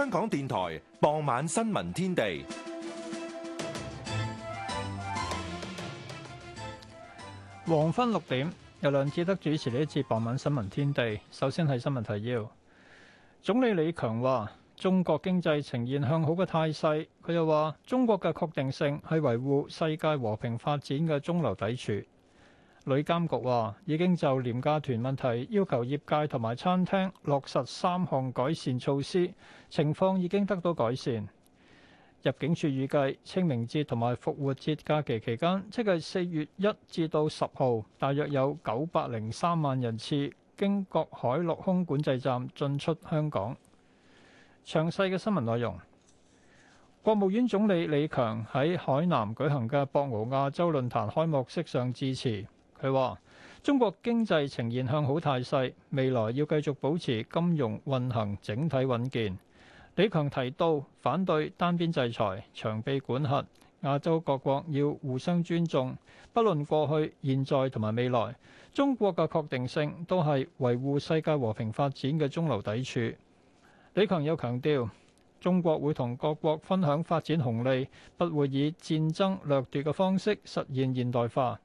香港電台傍晚新聞天地，黃昏六點由梁志德主持呢一次傍晚新聞天地。首先係新聞提要，總理李強話中國經濟呈現向好嘅態勢，佢又話中國嘅確定性係維護世界和平發展嘅中流砥柱。旅監局話已經就廉價團問題要求業界同埋餐廳落實三項改善措施，情況已經得到改善。入境處預計清明節同埋復活節假期期間，即係四月一至到十號，大約有九百零三萬人次經各海陸空管制站進出香港。詳細嘅新聞內容，國務院總理李強喺海南舉行嘅博鰲亞洲論壇開幕式上致辭。佢話：中國經濟呈現向好態勢，未來要繼續保持金融運行整體穩健。李強提到，反對單邊制裁、長臂管轄，亞洲各國要互相尊重，不論過去、現在同埋未來，中國嘅確定性都係維護世界和平發展嘅中流砥柱。李強又強調，中國會同各國分享發展紅利，不會以戰爭掠奪嘅方式實現現代化。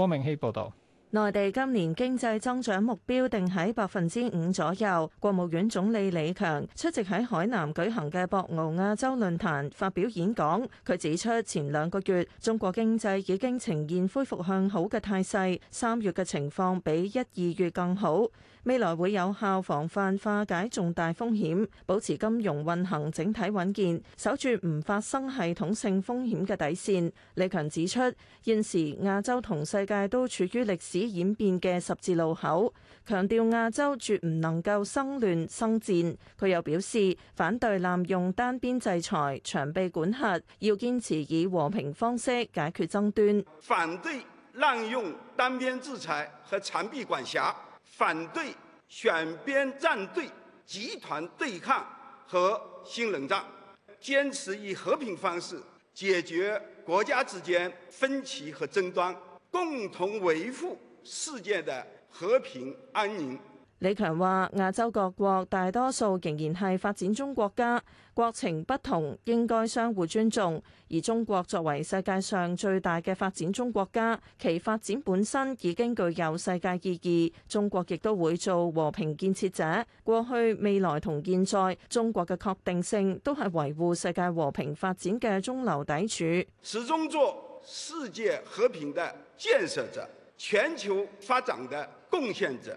郭明希報道，內地今年經濟增長目標定喺百分之五左右。國務院總理李強出席喺海南舉行嘅博鰲亞洲論壇發表演講，佢指出前兩個月中國經濟已經呈現恢復向好嘅態勢，三月嘅情況比一二月更好。未來會有效防範化解重大風險，保持金融運行整體穩健，守住唔發生系統性風險嘅底線。李強指出，現時亞洲同世界都處於歷史演變嘅十字路口，強調亞洲絕唔能夠生亂生戰。佢又表示，反對濫用單邊制裁、長臂管轄，要堅持以和平方式解決爭端。反對濫用單邊制裁和長臂管轄。反對選邊站隊、集團對抗和新冷戰，堅持以和平方式解決國家之間分歧和爭端，共同維護世界的和平安寧。李強話：亞洲各國大多數仍然係發展中國家，國情不同，應該相互尊重。而中國作為世界上最大嘅發展中國家，其發展本身已經具有世界意義。中國亦都會做和平建設者，過去、未來同現在，中國嘅確定性都係維護世界和平發展嘅中流砥柱，始終做世界和平嘅建設者、全球發展的貢獻者。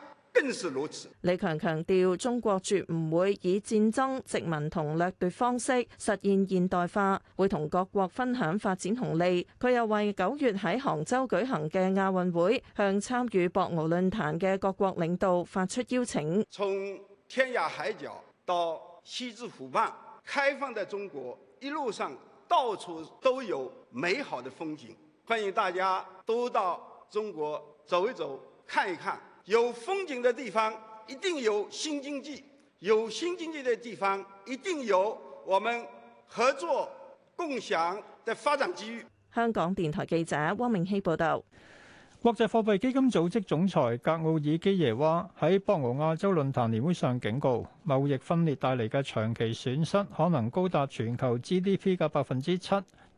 更是如此。李強強調，中國絕唔會以戰爭、殖民同掠奪方式實現現代化，會同各國分享發展紅利。佢又為九月喺杭州舉行嘅亞運會，向參與博鰲論壇嘅各國領導發出邀請。從天涯海角到西子湖畔，開放的中國一路上到處都有美好的風景，歡迎大家都到中國走一走、看一看。有風景的地方一定有新經濟，有新經濟的地方一定有我們合作共享的發展機遇。香港電台記者汪明希報導。國際貨幣基金組織總裁格奧爾基耶娃喺博鰲亞洲論壇年會上警告，貿易分裂帶嚟嘅長期損失可能高達全球 GDP 嘅百分之七。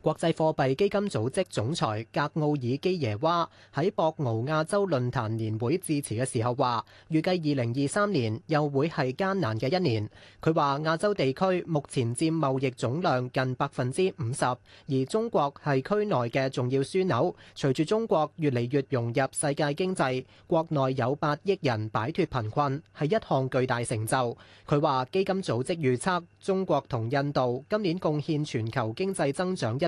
國際貨幣基金組織總裁格奧爾基耶娃喺博鰲亞洲論壇年會致辭嘅時候話，預計二零二三年又會係艱難嘅一年。佢話亞洲地區目前佔貿易總量近百分之五十，而中國係區內嘅重要樞紐。隨住中國越嚟越融入世界經濟，國內有八億人擺脱貧困，係一項巨大成就。佢話基金組織預測中國同印度今年貢獻全球經濟增長一。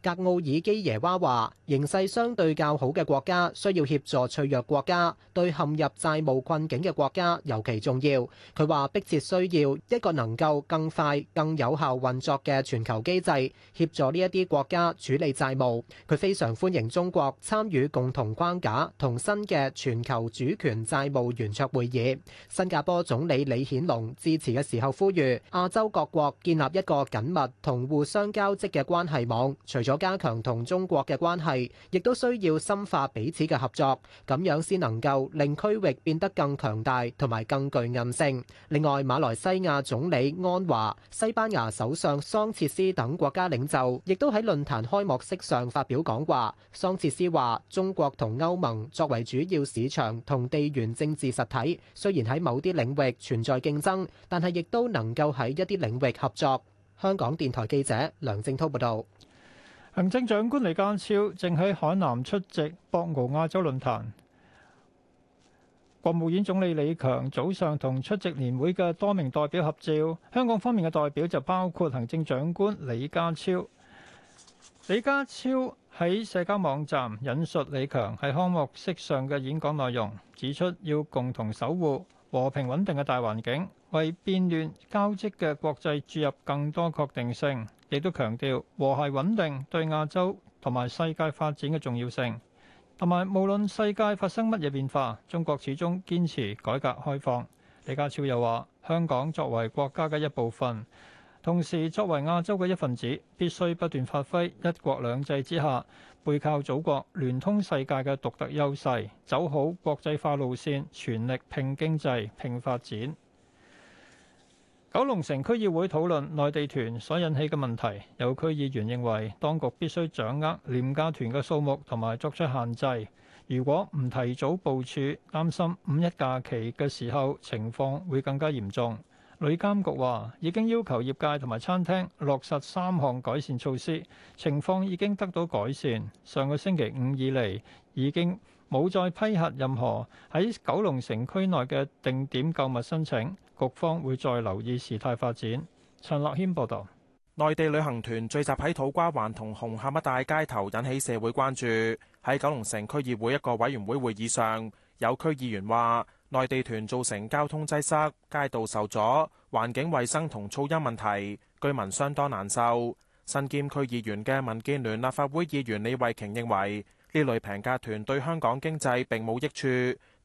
格奧爾基耶娃話：形勢相對較好嘅國家需要協助脆弱國家，對陷入債務困境嘅國家尤其重要。佢話迫切需要一個能夠更快、更有效運作嘅全球機制，協助呢一啲國家處理債務。佢非常歡迎中國參與共同框架同新嘅全球主權債務圓桌會議。新加坡總理李顯龍致辭嘅時候呼籲亞洲各國建立一個緊密同互相交織嘅關係網，除咗加強同中國嘅關係，亦都需要深化彼此嘅合作，咁樣先能夠令區域變得更強大同埋更具韌性。另外，馬來西亞總理安華、西班牙首相桑切斯等國家領袖亦都喺論壇開幕式上發表講話。桑切斯話：中國同歐盟作為主要市場同地緣政治實體，雖然喺某啲領域存在競爭，但係亦都能夠喺一啲領域合作。香港電台記者梁正濤報道。行政長官李家超正喺海南出席博鰲亞洲論壇。國務院總理李強早上同出席年會嘅多名代表合照，香港方面嘅代表就包括行政長官李家超。李家超喺社交網站引述李強喺開幕式上嘅演講內容，指出要共同守護和平穩定嘅大環境，為變亂交織嘅國際注入更多確定性。亦都強調和諧穩定對亞洲同埋世界發展嘅重要性，同埋無論世界發生乜嘢變化，中國始終堅持改革開放。李家超又話，香港作為國家嘅一部分，同時作為亞洲嘅一份子，必須不斷發揮一國兩制之下背靠祖國聯通世界嘅獨特優勢，走好國際化路線，全力拼經濟、拼發展。九龍城區議會討論內地團所引起嘅問題，有區議員認為當局必須掌握廉價團嘅數目同埋作出限制。如果唔提早部署，擔心五一假期嘅時候情況會更加嚴重。旅監局話已經要求業界同埋餐廳落實三項改善措施，情況已經得到改善。上個星期五以嚟已經冇再批核任何喺九龍城區內嘅定點購物申請。局方會再留意事態發展。陳樂謙報導，內地旅行團聚集喺土瓜灣同紅磡一帶街頭，引起社會關注。喺九龍城區議會一個委員會會議上，有區議員話：內地團造成交通擠塞、街道受阻、環境衛生同噪音問題，居民相當難受。身兼區議員嘅民建聯立法會議員李慧瓊認為，呢類平價團對香港經濟並冇益處。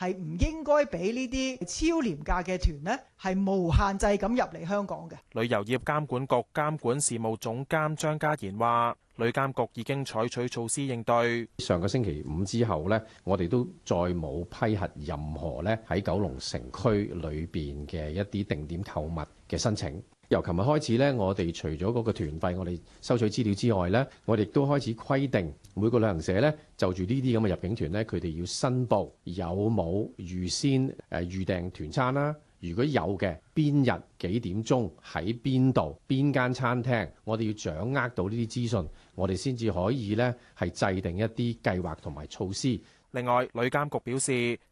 係唔應該俾呢啲超廉價嘅團呢？係無限制咁入嚟香港嘅。旅遊業監管局監管事務總監張家賢話，旅監局已經採取措施應對。上個星期五之後呢，我哋都再冇批核任何呢喺九龍城區裏邊嘅一啲定點購物嘅申請。由琴日開始咧，我哋除咗嗰個團費，我哋收取資料之外咧，我哋亦都開始規定每個旅行社咧，就住呢啲咁嘅入境團咧，佢哋要申報有冇預先誒預訂團餐啦。如果有嘅，邊日幾點鐘喺邊度邊間餐廳，我哋要掌握到呢啲資訊，我哋先至可以咧係制定一啲計劃同埋措施。另外，旅監局表示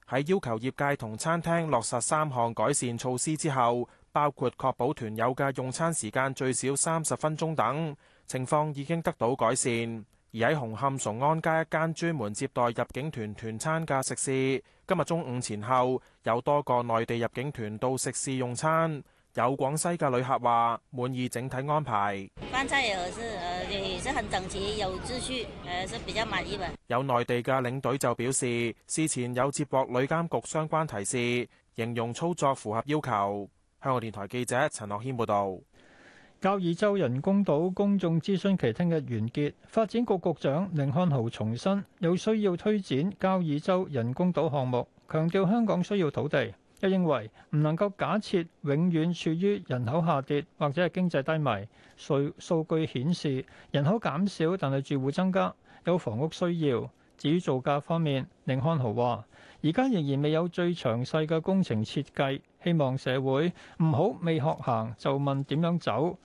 喺要求業界同餐廳落實三項改善措施之後，包括確保團友嘅用餐時間最少三十分鐘等情況已經得到改善。而喺紅磡崇安街一間專門接待入境團團餐嘅食肆，今日中午前後有多個內地入境團到食肆用餐。有廣西嘅旅客話滿意整體安排，飯菜也有，是，呃，是很整齊，有秩序，是比較滿意嘅。有內地嘅領隊就表示，事前有接獲旅監局相關提示，形容操作符合要求。香港電台記者陳樂謙報道。交椅洲人工島公眾諮詢期聽日完結，發展局局長寧漢豪重申有需要推展交椅洲人工島項目，強調香港需要土地。又認為唔能夠假設永遠處於人口下跌或者係經濟低迷。數據顯示人口減少，但係住戶增加，有房屋需要。至於造價方面，寧漢豪話：而家仍然未有最詳細嘅工程設計，希望社會唔好未學行就問點樣走，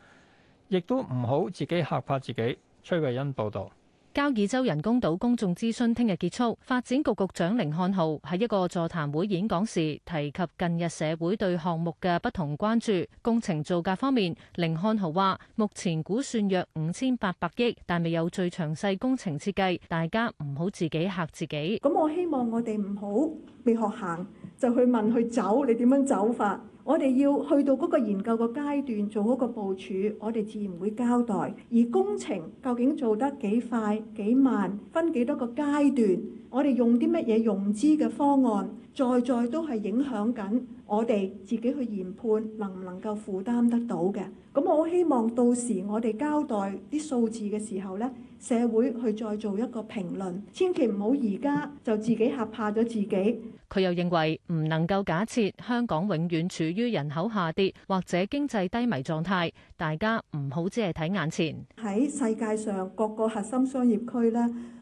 亦都唔好自己嚇怕自己。崔慧欣報導。交椅洲人工島公眾諮詢聽日結束，發展局局長凌漢豪喺一個座談會演講時提及近日社會對項目嘅不同關注。工程造價方面，凌漢豪話，目前估算約五千八百億，但未有最詳細工程設計，大家唔好自己嚇自己。噉我希望我哋唔好未學行就去問去走你點樣走法我哋要去到嗰個研究個階段，做嗰個部署，我哋自然會交代。而工程究竟做得幾快、幾慢，分幾多個階段，我哋用啲乜嘢融資嘅方案，在在都係影響緊我哋自己去研判能唔能夠負擔得到嘅。咁我希望到時我哋交代啲數字嘅時候咧，社會去再做一個評論，千祈唔好而家就自己嚇怕咗自己。佢又認為唔能夠假設香港永遠處於人口下跌或者經濟低迷狀態，大家唔好只係睇眼前。喺世界上各個核心商業區咧，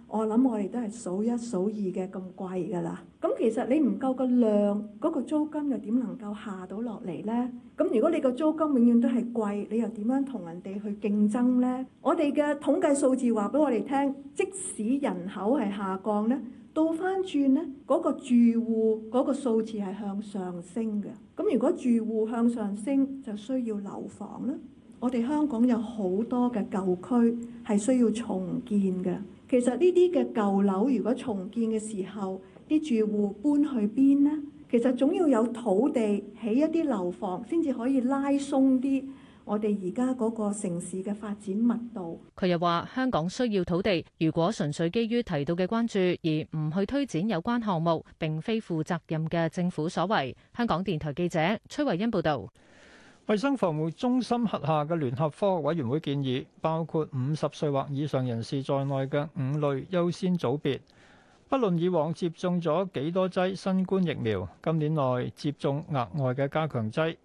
我諗我哋都係數一數二嘅咁貴㗎啦。咁其實你唔夠個量，嗰個租金又點能夠下到落嚟咧？咁如果你個租金永遠都係貴，你又點樣同人哋去競爭咧？我哋嘅統計數字話俾我哋聽，即使人口係下降咧。倒翻轉呢，嗰、嗰個住戶嗰個數字係向上升嘅。咁如果住戶向上升，就需要樓房啦。我哋香港有好多嘅舊區係需要重建嘅。其實呢啲嘅舊樓，如果重建嘅時候，啲住戶搬去邊呢？其實總要有土地起一啲樓房，先至可以拉鬆啲。我哋而家嗰個城市嘅發展密度。佢又話香港需要土地，如果純粹基於提到嘅關注而唔去推展有關項目，並非負責任嘅政府所為，香港電台記者崔慧欣報道。衛生防護中心轄下嘅聯合科學委員會建議包括五十歲或以上人士在內嘅五類優先組別，不論以往接種咗幾多劑新冠疫苗，今年內接種額外嘅加強劑。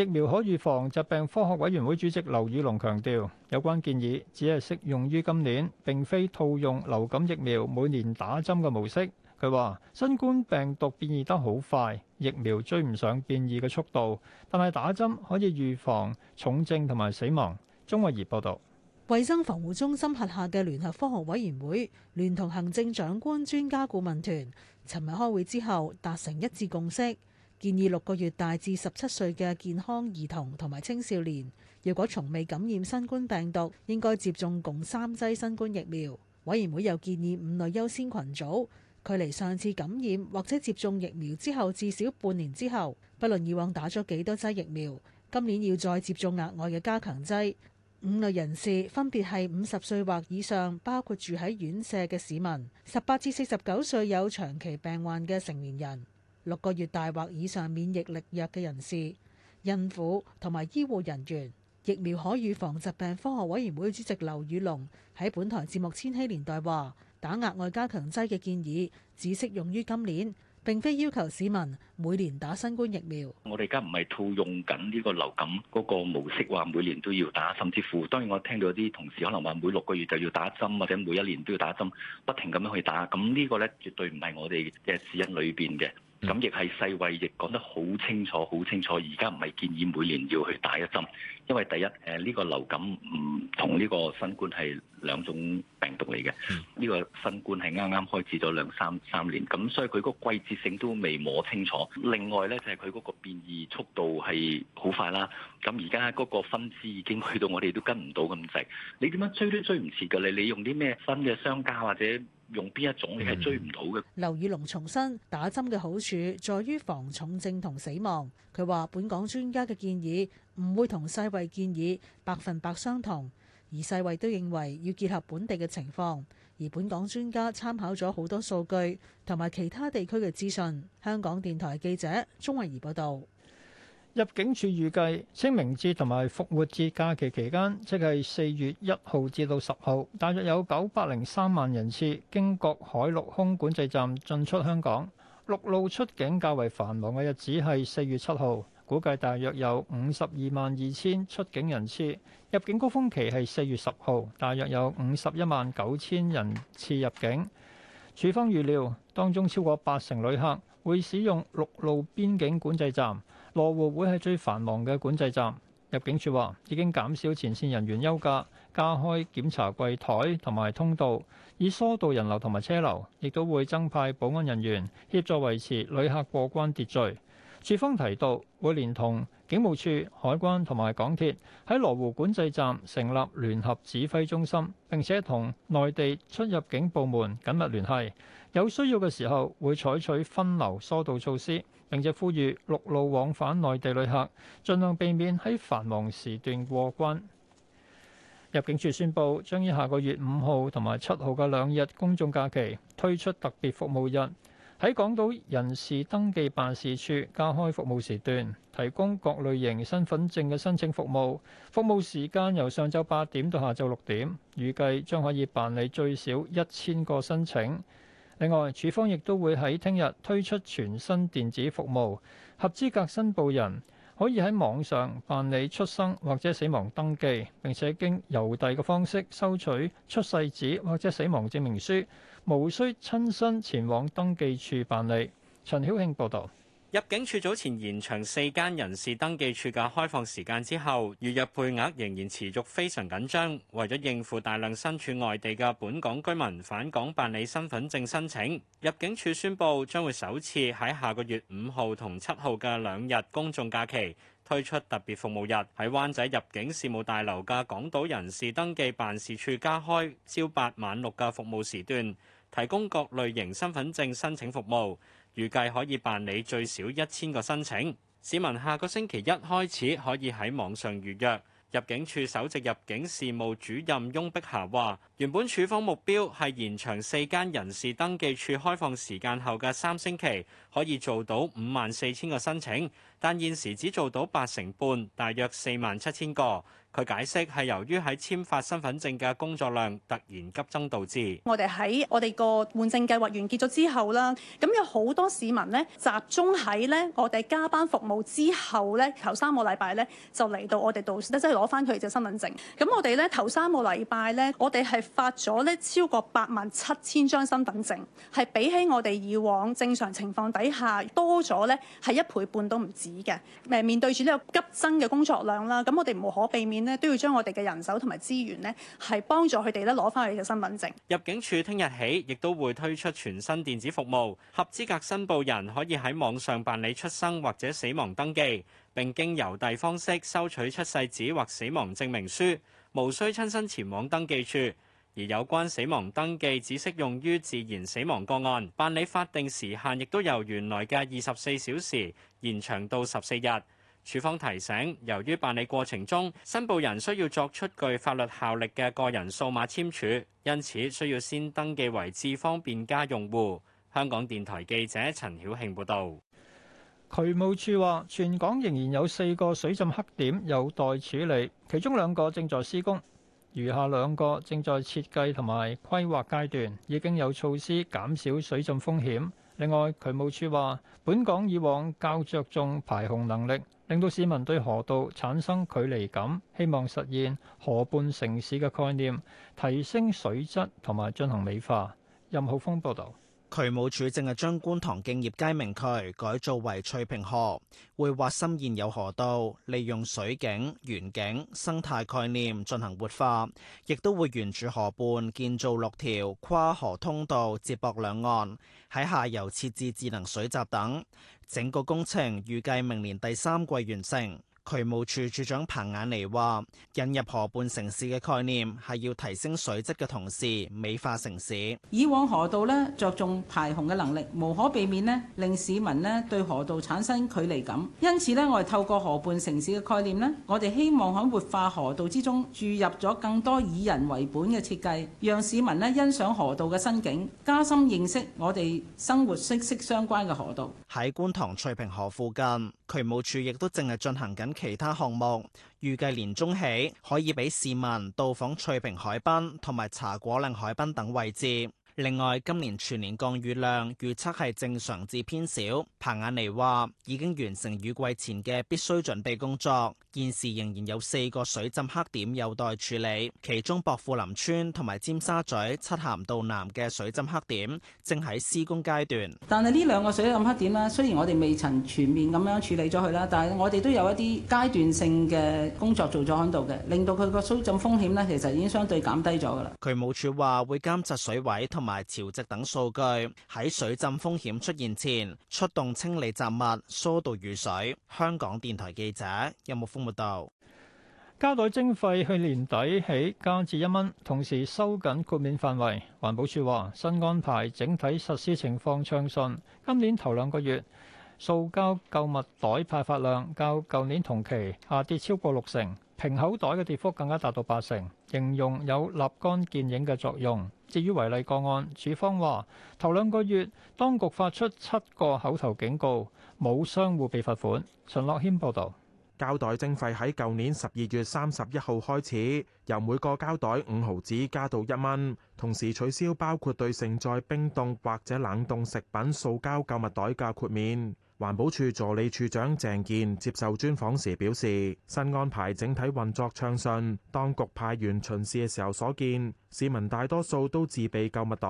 疫苗可預防疾病科學委員會主席劉宇龍強調，有關建議只係適用於今年，並非套用流感疫苗每年打針嘅模式。佢話：新冠病毒變異得好快，疫苗追唔上變異嘅速度，但係打針可以預防重症同埋死亡。鐘慧儀報導，衞生防護中心轄下嘅聯合科學委員會聯同行政長官專家顧問團，尋日開會之後達成一致共識。建議六個月大至十七歲嘅健康兒童同埋青少年，若果從未感染新冠病毒，應該接種共三劑新冠疫苗。委員會又建議五類優先群組，距離上次感染或者接種疫苗之後至少半年之後，不論以往打咗幾多劑疫苗，今年要再接種額外嘅加強劑。五類人士分別係五十歲或以上，包括住喺院舍嘅市民，十八至四十九歲有長期病患嘅成年人、六個月大或以上免疫力弱嘅人士、孕婦同埋醫護人員，疫苗可預防疾病科學委員會主席劉宇龍喺本台節目《千禧年代》話：打額外加強劑嘅建議只適用於今年，並非要求市民每年打新冠疫苗。我哋而家唔係套用緊呢個流感嗰個模式，話每年都要打，甚至乎當然我聽到啲同事可能話每六個月就要打針，或者每一年都要打針，不停咁樣去打，咁呢個咧絕對唔係我哋嘅指引裏邊嘅。咁亦係世衛亦講得好清楚，好清楚，而家唔係建議每年要去打一針，因為第一，誒、呃、呢、呢個流感唔同呢個新冠係，兩種病毒嚟嘅，呢個新冠係啱啱開始咗兩三三年，咁所以佢個季節性都未摸清楚。另外呢就係佢嗰個變異速度係好快啦，咁而家嗰個分支已經去到我哋都跟唔到咁滯，你點樣追都追唔切㗎，你你用啲咩新嘅商家或者用邊一種，你係追唔到嘅。劉宇龍重申打針嘅好處在於防重症同死亡。佢話本港專家嘅建議唔會同世衛建議百分百相同。而世衛都認為要結合本地嘅情況，而本港專家參考咗好多數據同埋其他地區嘅資訊。香港電台記者鍾慧儀報道。入境處預計清明節同埋復活節假期期間，即係四月一號至到十號，大約有九百零三萬人次經各海陸空管制站進出香港。陸路出境較為繁忙嘅日子係四月七號。估計大約有五十二萬二千出境人次，入境高峰期係四月十號，大約有五十一萬九千人次入境。處方預料當中超過八成旅客會使用陸路邊境管制站，羅湖會係最繁忙嘅管制站。入境處話已經減少前線人員休假，加開檢查櫃台同埋通道，以疏導人流同埋車流，亦都會增派保安人員協助維持旅客過關秩序。署方提到，會連同警務處、海關同埋港鐵喺羅湖管制站成立聯合指揮中心，並且同內地出入境部門緊密聯繫，有需要嘅時候會採取分流疏導措施，並且呼籲陸路往返內地旅客儘量避免喺繁忙時段過關。入境處宣布，將於下個月五號同埋七號嘅兩日公眾假期推出特別服務日。喺港島人事登記辦事處加開服務時段，提供各類型身份證嘅申請服務。服務時間由上晝八點到下晝六點，預計將可以辦理最少一千個申請。另外，處方亦都會喺聽日推出全新電子服務，合資格申報人可以喺網上辦理出生或者死亡登記，並且經郵遞嘅方式收取出世紙或者死亡證明書。無需親身前往登記處辦理。陳曉慶報道，入境處早前延長四間人事登記處嘅開放時間之後，預約配額仍然持續非常緊張。為咗應付大量身處外地嘅本港居民返港辦理身份證申請，入境處宣布將會首次喺下個月五號同七號嘅兩日公眾假期。推出特別服務日，喺灣仔入境事務大樓嘅港島人事登記辦事處加開朝八晚六嘅服務時段，提供各類型身份證申請服務，預計可以辦理最少一千個申請。市民下個星期一開始可以喺網上預約。入境處首席入境事務主任翁碧霞話：原本處方目標係延長四間人事登記處開放時間後嘅三星期，可以做到五萬四千個申請，但現時只做到八成半，大約四萬七千個。佢解釋係由於喺簽發身份證嘅工作量突然急增導致。我哋喺我哋個換證計劃完結咗之後啦，咁有好多市民咧集中喺咧我哋加班服務之後咧頭三個禮拜咧就嚟到我哋度，即係攞翻佢隻身份證。咁我哋咧頭三個禮拜咧我哋係發咗咧超過八萬七千張身份證，係比起我哋以往正常情況底下多咗咧係一倍半都唔止嘅。誒，面對住呢個急增嘅工作量啦，咁我哋無可避免。呢都要將我哋嘅人手同埋資源呢，係幫助佢哋咧攞翻佢嘅身份證。入境處聽日起亦都會推出全新電子服務，合資格申報人可以喺網上辦理出生或者死亡登記，並經郵遞方式收取出世紙或死亡證明書，無需親身前往登記處。而有關死亡登記只適用於自然死亡個案，辦理法定時限亦都由原來嘅二十四小時延長到十四日。署方提醒，由於辦理過程中，申報人需要作出具法律效力嘅個人數碼簽署，因此需要先登記為「智方便+」用戶。香港電台記者陳曉慶報道，渠務署話，全港仍然有四個水浸黑點有待處理，其中兩個正在施工，餘下兩個正在設計同埋規劃階段，已經有措施減少水浸風險。另外，渠務處話，本港以往較着重排洪能力，令到市民對河道產生距離感。希望實現河畔城市嘅概念，提升水質同埋進行美化。任浩峰報導。渠務署正係將觀塘敬業街明渠改造為翠屏河，會挖深現有河道，利用水景、園景、生態概念進行活化，亦都會沿住河畔建造六條跨河通道，接駁兩岸，喺下游設置智能水閘等。整個工程預計明年第三季完成。渠務處處長彭雅妮話，引入河畔城市嘅概念係要提升水質嘅同時美化城市。以往河道呢着重排洪嘅能力，無可避免呢令市民呢對河道產生距離感。因此呢，我哋透過河畔城市嘅概念呢，我哋希望喺活化河道之中注入咗更多以人為本嘅設計，讓市民呢欣賞河道嘅新景，加深認識我哋生活息息相關嘅河道。喺觀塘翠屏河附近。渠務處亦都淨係進行緊其他項目，預計年中起可以俾市民到訪翠屏海濱同埋茶果嶺海濱等位置。另外，今年全年降雨量預測係正常至偏少。彭雅妮話已經完成雨季前嘅必須準備工作，現時仍然有四個水浸黑點有待處理，其中薄扶林村同埋尖沙咀漆咸道南嘅水浸黑點正喺施工階段。但係呢兩個水浸黑點咧，雖然我哋未曾全面咁樣處理咗佢啦，但係我哋都有一啲階段性嘅工作做咗響度嘅，令到佢個水浸風險咧其實已經相對減低咗噶啦。渠務署話會監察水位，同埋潮汐等數據，喺水浸風險出現前出動清理雜物、疏導雨水。香港電台記者任木峯報道。膠袋徵費去年底起加至一蚊，同時收緊豁免範圍。環保署話，新安排整體實施情況暢順。今年頭兩個月，塑膠購物袋派發量較舊年同期下跌超過六成。平口袋嘅跌幅更加達到八成，形容有立竿見影嘅作用。至於違例個案，署方話，頭兩個月，當局發出七個口頭警告，冇商戶被罰款。陳樂謙報道。膠袋徵費喺舊年十二月三十一號開始，由每個膠袋五毫紙加到一蚊，同時取消包括對盛載冰凍或者冷凍食品塑膠購物袋嘅豁免。環保署助理處長鄭健接受專訪時表示，新安排整體運作暢順，當局派員巡視嘅時候所見，市民大多數都自備購物袋。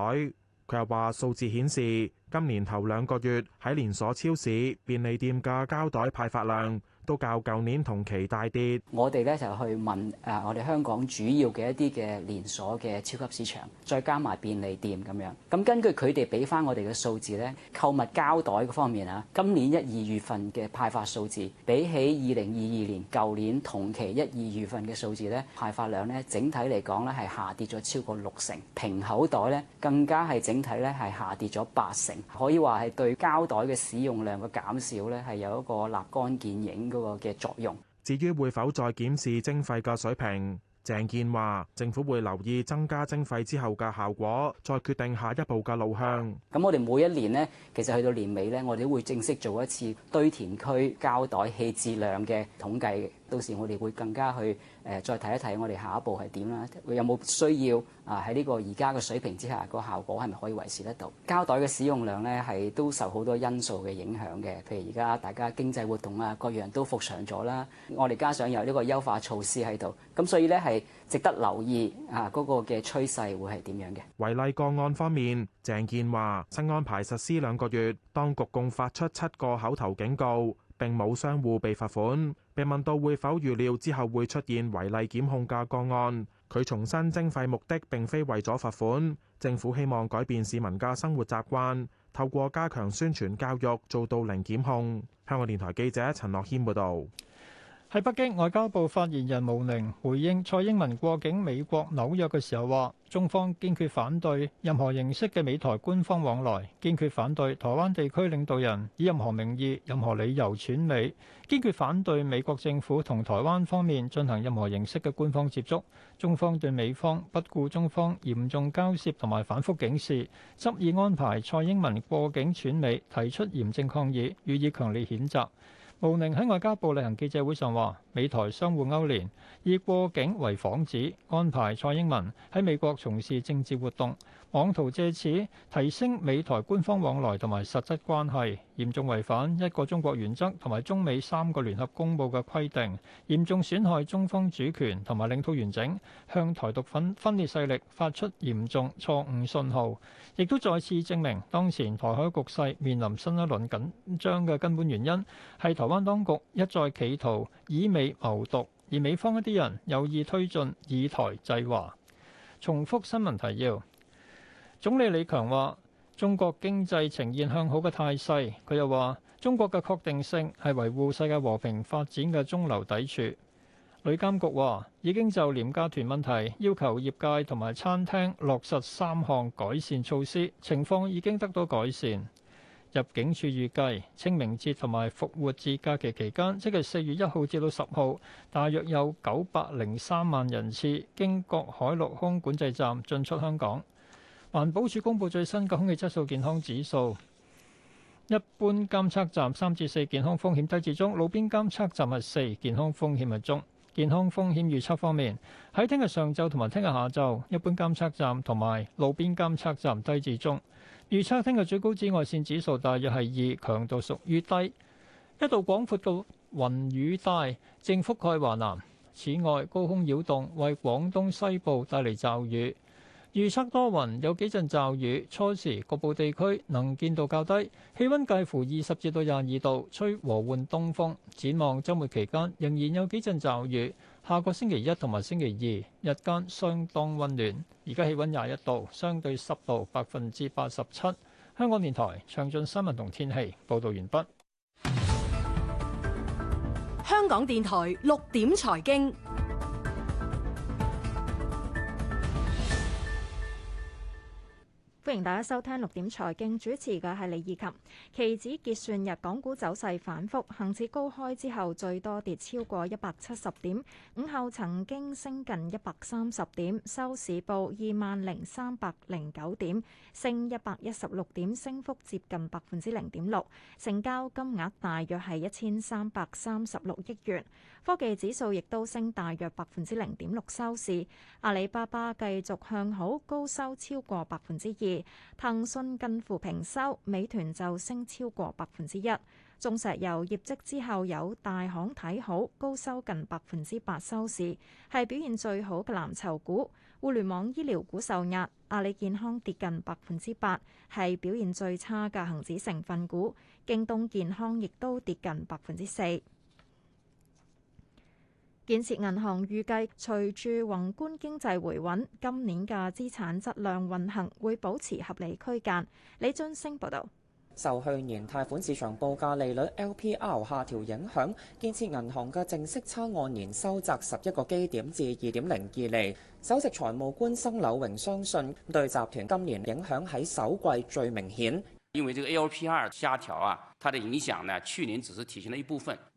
佢又話，數字顯示今年頭兩個月喺連鎖超市、便利店嘅膠袋派發量，都較舊年同期大跌。我哋咧，就去問誒、呃、我哋香港主要嘅一啲嘅連鎖嘅超級市場再加埋便利店咁樣，咁、嗯、根據佢哋俾翻我哋嘅數字咧，購物膠袋嘅方面啊，今年一二月份嘅派發數字，比起二零二二年舊年同期一二月份嘅數字咧，派發量咧整體嚟講咧，係下跌咗超過六成。平口袋咧，更加係整體咧，係下跌咗八成，可以話係對膠袋嘅使用量嘅減少咧，係有一個立竿見影嘅。嘅作用。至於會否再檢視徵費嘅水平，鄭建話政府會留意增加徵費之後嘅效果，再決定下一步嘅路向。咁我哋每一年呢，其實去到年尾呢，我哋都會正式做一次堆填區膠袋棄置量嘅統計。到時我哋會更加去誒，再睇一睇我哋下一步係點啦。會有冇需要啊？喺呢個而家嘅水平之下，個效果係咪可以維持得到膠袋嘅使用量咧？係都受好多因素嘅影響嘅，譬如而家大家經濟活動啊，各樣都復常咗啦。我哋加上有呢個優化措施喺度，咁所以咧係值得留意啊。嗰個嘅趨勢會係點樣嘅？違例個案方面，鄭建華新安排實施兩個月，當局共發出七個口頭警告，並冇商戶被罰款。被問到會否預料之後會出現違例檢控嘅個案，佢重申徵費目的並非為咗罰款，政府希望改變市民嘅生活習慣，透過加強宣傳教育做到零檢控。香港電台記者陳樂軒報導。喺北京外交部發言人毛寧回應蔡英文過境美國紐約嘅時候話，中方堅決反對任何形式嘅美台官方往來，堅決反對台灣地區領導人以任何名義任何理由竄美，堅決反對美國政府同台灣方面進行任何形式嘅官方接觸，中方對美方不顧中方嚴重交涉同埋反覆警示，執意安排蔡英文過境竄美，提出嚴正抗議，予以強烈譴責。毛寧喺外交部例行記者會上話：美台相互勾連，以過境為幌子安排蔡英文喺美國從事政治活動。妄圖借此提升美台官方往來同埋實質關係，嚴重違反一個中國原則同埋中美三個聯合公佈嘅規定，嚴重損害中方主權同埋領土完整，向台獨分分裂勢力發出嚴重錯誤信號，亦都再次證明當前台海局勢面臨新一輪緊張嘅根本原因係台灣當局一再企圖以美謀獨，而美方一啲人有意推進以台制華。重複新聞提要。總理李強話：中國經濟呈現向好嘅態勢。佢又話：中國嘅確定性係維護世界和平發展嘅中流砥柱。旅監局話已經就廉價團問題要求業界同埋餐廳落實三項改善措施，情況已經得到改善。入境處預計清明節同埋復活節假期期間，即係四月一號至到十號，大約有九百零三萬人次經各海陸空管制站進出香港。環保署公布最新嘅空氣質素健康指數，一般監測站三至四，健康風險低至中，路邊監測站係四，健康風險係中。健康風險預測方面，喺聽日上晝同埋聽日下晝，一般監測站同埋路邊監測站低至中。預測聽日最高紫外線指數大約係二，強度屬於低。一道廣闊嘅雲雨帶正覆蓋華南。此外，高空擾動為廣東西部帶嚟驟雨。預測多雲，有幾陣驟雨，初時局部地區能見度較低，氣溫介乎二十至到廿二度，吹和緩東風。展望周末期間仍然有幾陣驟雨，下個星期一同埋星期二日間相當溫暖。而家氣溫廿一度，相對濕度百分之八十七。香港電台詳盡新聞同天氣報道完畢。香港電台六點財經。歡迎大家收聽六點財經，主持嘅係李意琴。期指結算日，港股走勢反覆，恒指高開之後最多跌超過一百七十點，午後曾經升近一百三十點，收市報二萬零三百零九點，升一百一十六點，升幅接近百分之零點六，成交金額大約係一千三百三十六億元。科技指數亦都升大約百分之零點六，收市。阿里巴巴繼續向好，高收超過百分之二。騰訊近乎平收，美團就升超過百分之一。中石油業績之後有大行睇好，高收近百分之八收市，係表現最好嘅藍籌股。互聯網醫療股受壓，阿里健康跌近百分之八，係表現最差嘅恒指成分股。京東健康亦都跌近百分之四。建設銀行預計，隨住宏觀經濟回穩，今年嘅資產質量運行會保持合理區間。李俊星報道。受去年貸款市場報價利率 LPR 下調影響，建設銀行嘅淨息差按年收窄十一個基點至二點零二厘。首席財務官生柳榮相信，對集團今年影響喺首季最明顯。因為這個 LPR 下調啊，它的影響呢，去年只是體現了一部分。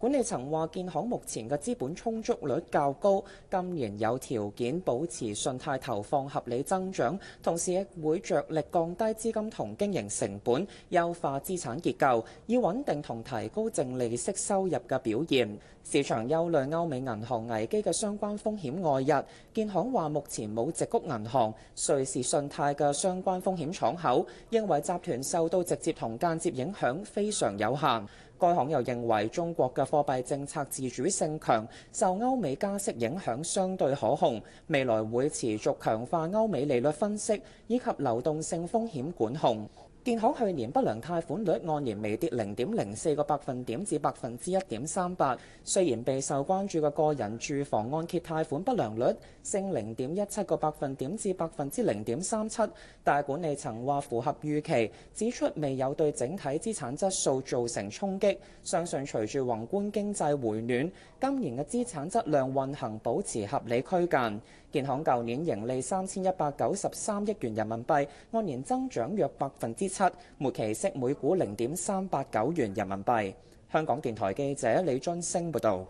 管理層話：建行目前嘅資本充足率較高，今年有條件保持信貸投放合理增長，同時亦會着力降低資金同經營成本，優化資產結構，以穩定同提高淨利息收入嘅表現。市場憂慮歐美銀行危機嘅相關風險外溢，建行話目前冇矽谷銀行、瑞士信貸嘅相關風險敞口，認為集團受到直接同間接影響非常有限。該行又認為中國嘅貨幣政策自主性強，受歐美加息影響相對可控，未來會持續強化歐美利率分析以及流動性風險管控。建行去年不良貸款率按年微跌零點零四個百分點至百分之一點三八。雖然備受關注嘅個人住房按揭貸款不良率升零點一七個百分點至百分之零點三七，但管理層話符合預期，指出未有對整體資產質素造成衝擊，相信隨住宏觀經濟回暖，今年嘅資產質量運行保持合理區間。建行舊年盈利三千一百九十三億元人民幣，按年增長約百分之七，末期息每股零點三八九元人民幣。香港電台記者李津星報道。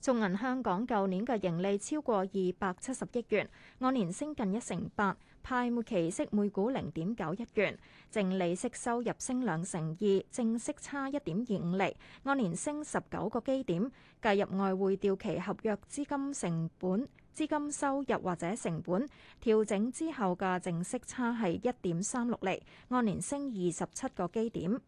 中銀香港舊年嘅盈利超過二百七十億元，按年升近一成八，派末期息每股零點九一元，淨利息收入升兩成二，正息差一點二五釐，按年升十九個基點，計入外匯調期合約資金成本。資金收入或者成本調整之後嘅淨息，息差係一點三六厘，按年升二十七個基點。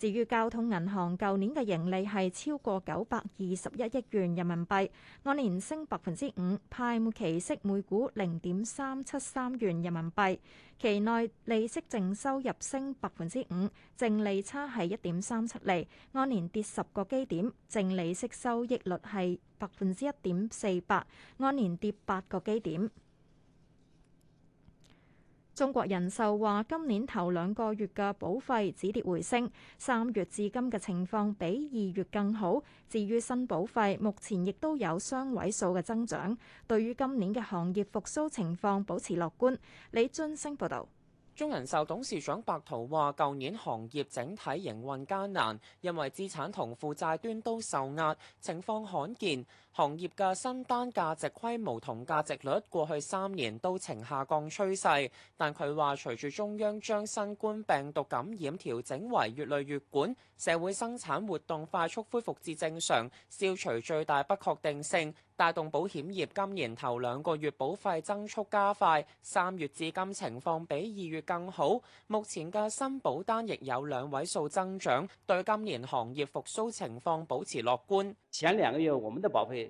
至於交通銀行舊年嘅盈利係超過九百二十一億元人民幣，按年升百分之五，派末期息每股零點三七三元人民幣，期內利息淨收入升百分之五，淨利差係一點三七釐，按年跌十個基點，淨利息收益率係百分之一點四八，按年跌八個基點。中國人壽話，今年頭兩個月嘅保費止跌回升，三月至今嘅情況比二月更好。至於新保費，目前亦都有雙位數嘅增長。對於今年嘅行業復甦情況，保持樂觀。李津升報道。中人壽董事長白濤話，舊年行業整體營運艱，艱難，因為資產同負債端都受壓，情況罕見。行業嘅新單價值規模同價值率過去三年都呈下降趨勢，但佢話隨住中央將新冠病毒感染調整為乙類乙管，社會生產活動快速恢復至正常，消除最大不確定性，帶動保險業今年頭兩個月保費增速加快，三月至今情況比二月更好。目前嘅新保單亦有兩位數增長，對今年行業復甦情況保持樂觀。前兩個月我們嘅保費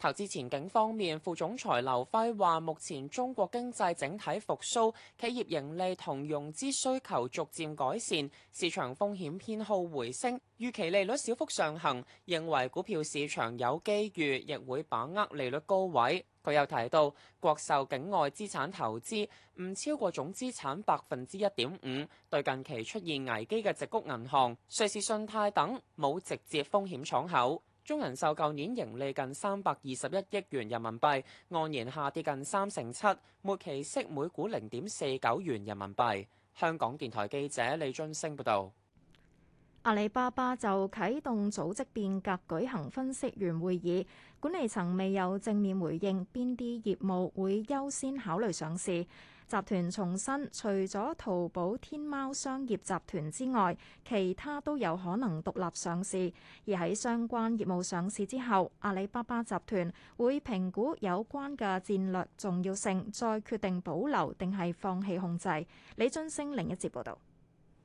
投資前景方面，副總裁劉輝話：目前中國經濟整體復甦，企業盈利同融資需求逐漸改善，市場風險偏好回升，預期利率小幅上行，認為股票市場有機遇，亦會把握利率高位。佢又提到，國壽境外資產投資唔超過總資產百分之一點五，對近期出現危機嘅矽谷銀行、瑞士信貸等冇直接風險敞口。中人壽舊年盈利近三百二十一億元人民幣，按年下跌近三成七，末期息每股零點四九元人民幣。香港電台記者李津升報導。阿里巴巴就啟動組織變革，舉行分析員會議，管理層未有正面回應邊啲業務會優先考慮上市。集團重申除咗淘寶天貓商業集團之外，其他都有可能獨立上市。而喺相關業務上市之後，阿里巴巴集團會評估有關嘅戰略重要性，再決定保留定係放棄控制。李津星另一節報道。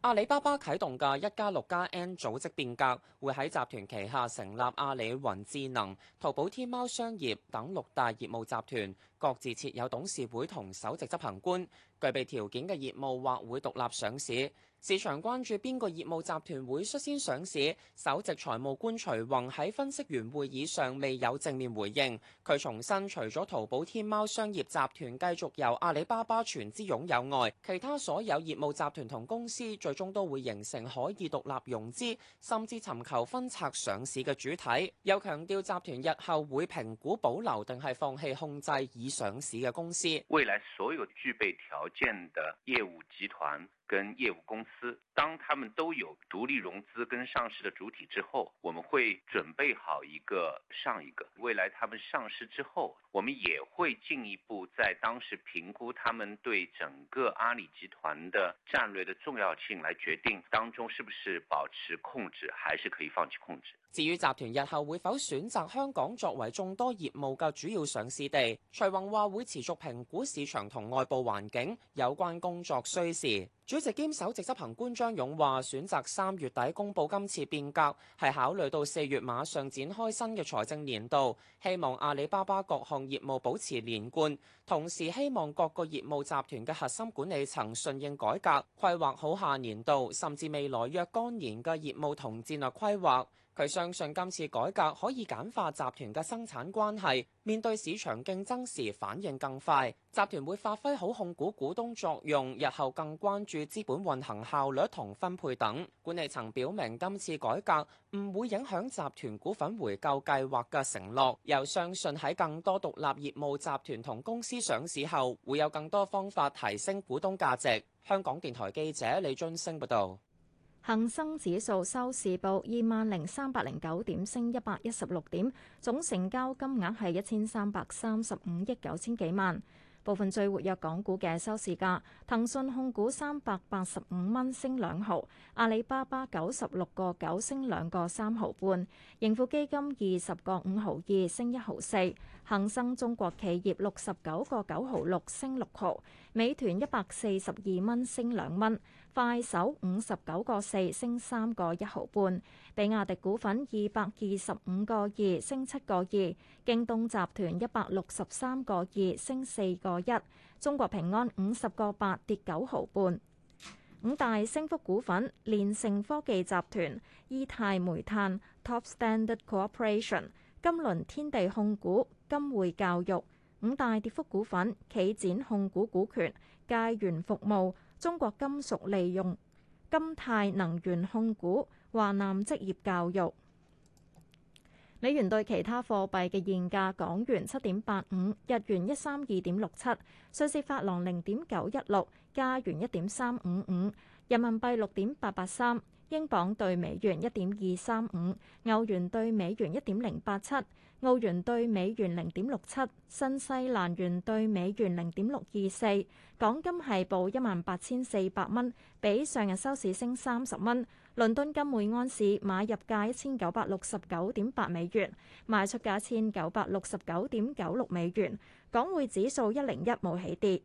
阿里巴巴啟動嘅一加六加 N 組織變革，會喺集團旗下成立阿里雲智能、淘寶天貓商業等六大業務集團，各自設有董事會同首席執行官，具備條件嘅業務或會獨立上市。市場關注邊個業務集團會率先上市。首席財務官徐宏喺分析員會議上未有正面回應。佢重申，除咗淘寶、天貓商業集團繼續由阿里巴巴全資擁有外，其他所有業務集團同公司最終都會形成可以獨立融資，甚至尋求分拆上市嘅主體。又強調集團日後會評估保留定係放棄控制已上市嘅公司。未來所有具備條件嘅業務集團。跟業務公司。當他們都有獨立融資跟上市的主體之後，我們會準備好一個上一個。未來他們上市之後，我們也會進一步在當時評估他們對整個阿里集團的戰略的重要性，來決定當中是不是保持控制，還是可以放棄控制。至於集團日後會否選擇香港作為眾多業務嘅主要上市地？徐宏話會持續評估市場同外部環境，有關工作需時。主席兼首席執行官將。張勇話：選擇三月底公布今次變革，係考慮到四月馬上展開新嘅財政年度，希望阿里巴巴各項業務保持連貫。同時希望各個業務集團嘅核心管理層順應改革，規劃好下年度甚至未來若干年嘅業務同戰略規劃，佢相信今次改革可以簡化集團嘅生產關係，面對市場競爭時反應更快。集團會發揮好控股股東作用，日後更關注資本運行效率同分配等。管理層表明今次改革唔會影響集團股份回購計劃嘅承諾，又相信喺更多獨立業務集團同公司。上市後會有更多方法提升股東價值。香港電台記者李津升報道，恒生指數收市報二萬零三百零九點，升一百一十六點，總成交金額係一千三百三十五億九千幾萬。部分最活躍港股嘅收市價：騰訊控股三百八十五蚊升兩毫，阿里巴巴九十六個九升兩個三毫半，盈富基金二十個五毫二升一毫四。恒生中國企業六十九個九毫六升六毫，美團一百四十二蚊升兩蚊，快手五十九個四升三個一毫半，比亞迪股份二百二十五個二升七個二，京東集團一百六十三個二升四個一，中國平安五十個八跌九毫半。五大升幅股份：連盛科技集團、伊泰煤炭、Top Standard Corporation、金輪天地控股。金匯教育。五大跌幅股份，企展控股、股權、界源服務、中國金屬利用、金泰能源控股、華南職業教育。美元兌其他貨幣嘅現價：港元七點八五，日元一三二點六七，瑞士法郎零點九一六，加元一點三五五，人民幣六點八八三，英鎊兌美元一點二三五，歐元兌美元一點零八七。澳元兌美元零點六七，新西蘭元兌美元零點六二四，港金係報一萬八千四百蚊，比上日收市升三十蚊。倫敦金每盎司買入價一千九百六十九點八美元，賣出價一千九百六十九點九六美元。港匯指數一零一冇起跌。